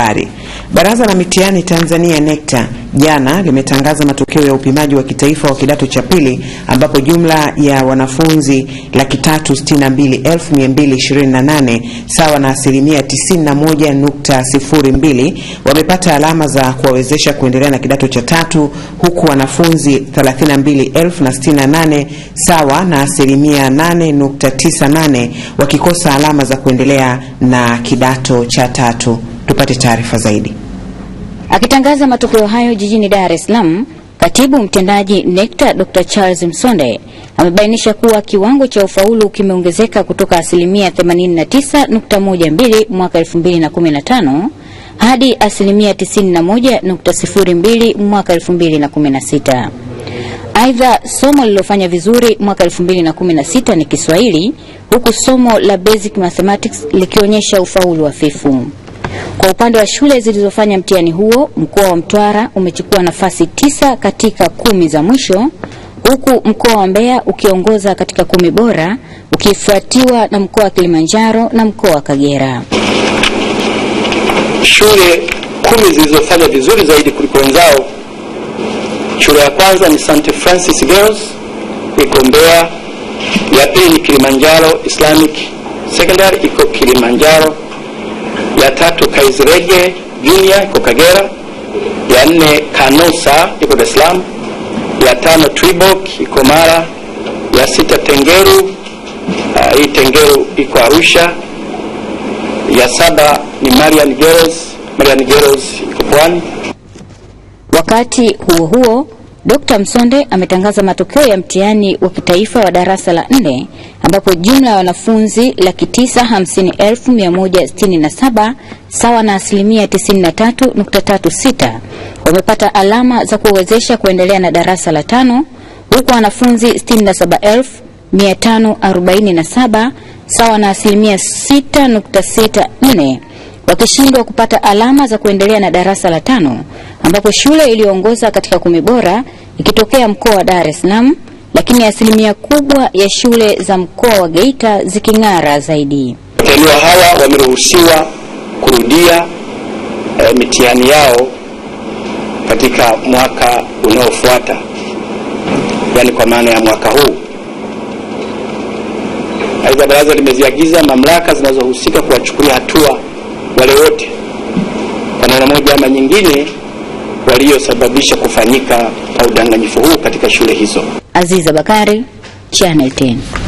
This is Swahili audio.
habari. Baraza la mitihani Tanzania NECTA jana limetangaza matokeo ya upimaji wa kitaifa wa kidato cha pili ambapo jumla ya wanafunzi laki tatu sitini na mbili elfu mia mbili ishirini na nane sawa na asilimia mbili wamepata alama za kuwawezesha kuendelea na kidato cha tatu huku wanafunzi nane sawa na asilimia 8.98 wakikosa alama za kuendelea na kidato cha tatu tupate taarifa zaidi. Akitangaza matokeo hayo jijini Dar es Salaam, katibu mtendaji NECTA Dr. Charles Msonde amebainisha kuwa kiwango cha ufaulu kimeongezeka kutoka asilimia 89.12 mwaka 2015 hadi asilimia 91.02 mwaka 2016. Aidha, somo lililofanya vizuri mwaka 2016 ni Kiswahili, huku somo la basic mathematics likionyesha ufaulu hafifu. Kwa upande wa shule zilizofanya mtihani huo, mkoa wa Mtwara umechukua nafasi tisa katika kumi za mwisho, huku mkoa wa Mbeya ukiongoza katika kumi bora ukifuatiwa na mkoa wa Kilimanjaro na mkoa wa Kagera. Shule kumi zilizofanya vizuri zaidi kuliko wenzao, shule ya kwanza ni St Francis Girls iko Mbeya, ya pili ni Kilimanjaro Islamic Secondary iko Kilimanjaro ya tatu Kaizirege Junior iko Kagera, ya nne Kanosa iko Dar es Salaam, ya tano Twibok iko Mara, ya sita Tengeru uh, hii Tengeru iko Arusha, ya saba ni Marian Girls, Marian Girls iko Pwani. Wakati huo huo Dr. Msonde ametangaza matokeo ya mtihani wa kitaifa wa darasa la nne ambapo jumla ya wanafunzi laki tisa hamsini elfu mia moja sitini na saba sawa na asilimia 93.36 wamepata alama za kuwezesha kuendelea na darasa la tano huku wanafunzi 67,547 sawa na asilimia 6.64 wakishindwa kupata alama za kuendelea na darasa la tano ambapo shule iliyoongoza katika kumi bora ikitokea mkoa wa Dar es Salaam, lakini asilimia kubwa ya shule za mkoa wa Geita ziking'ara zaidi. Watahiniwa hawa wameruhusiwa kurudia e, mitihani yao katika mwaka unaofuata, yaani kwa maana ya mwaka huu. Aidha, baraza limeziagiza mamlaka zinazohusika kuwachukulia hatua wale wote kwa namna moja ama nyingine yaliyosababisha kufanyika kwa udanganyifu huu katika shule hizo. Aziza Bakari, Channel 10.